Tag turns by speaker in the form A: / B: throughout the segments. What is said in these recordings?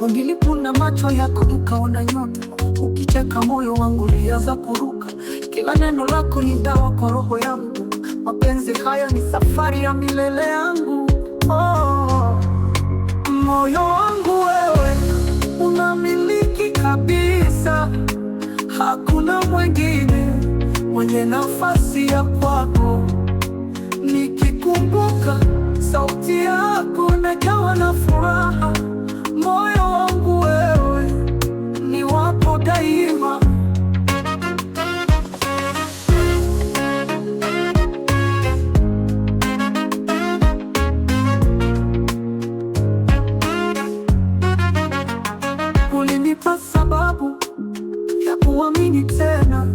A: wangilipuna macho yako ukaona nyota, ukicheka moyo wangu ulianza kuruka. Kila neno lako ni dawa kwa roho yangu, mapenzi haya ni safari ya milele yangu. Oh, moyo wangu wewe unamiliki kabisa, hakuna mwengine mwenye nafasi ya kwako. Nikikumbuka sauti yako najawa na furaha. sababu ya kuamini tena.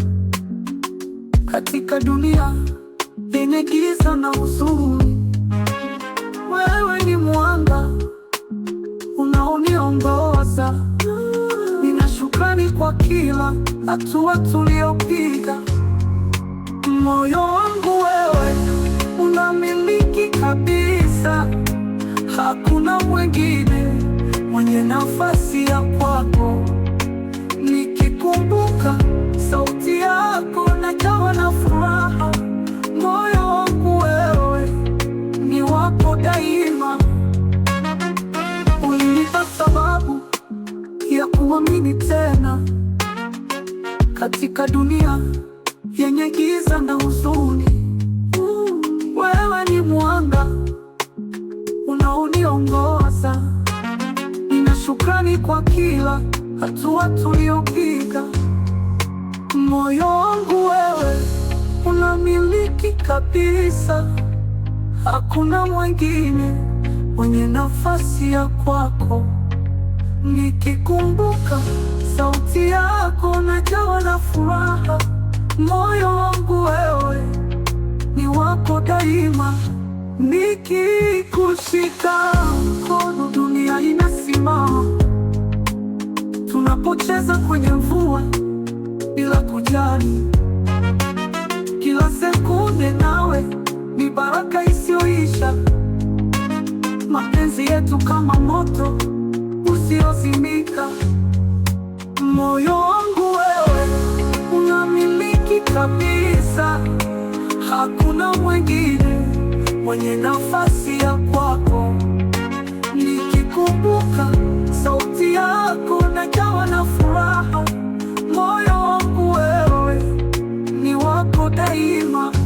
A: Katika dunia yenye giza na huzuni, wewe ni mwanga unaoniongoza. Nina shukrani kwa kila hatua tuliyopiga. Moyo wangu wewe unamiliki kabisa, hakuna mwingine mwenye nafasi ya kwako. katika dunia yenye giza na huzuni, wewe ni mwanga unaoniongoza. Nina shukrani kwa kila hatua tuliyopiga. Moyo wangu wewe unamiliki kabisa, hakuna mwingine mwenye nafasi ya kwako. Nikikumbuka sauti yako na furaha, moyo wangu wewe ni wako daima. Nikikushika mkono, dunia inasimama. Tunapocheza kwenye mvua bila kujali, kila sekunde nawe ni baraka isiyoisha. Mapenzi yetu kama moto usiozimika, moyo mwenye nafasi ya kwako. Nikikumbuka sauti yako najawa na furaha, moyo wangu wewe ni wako daima.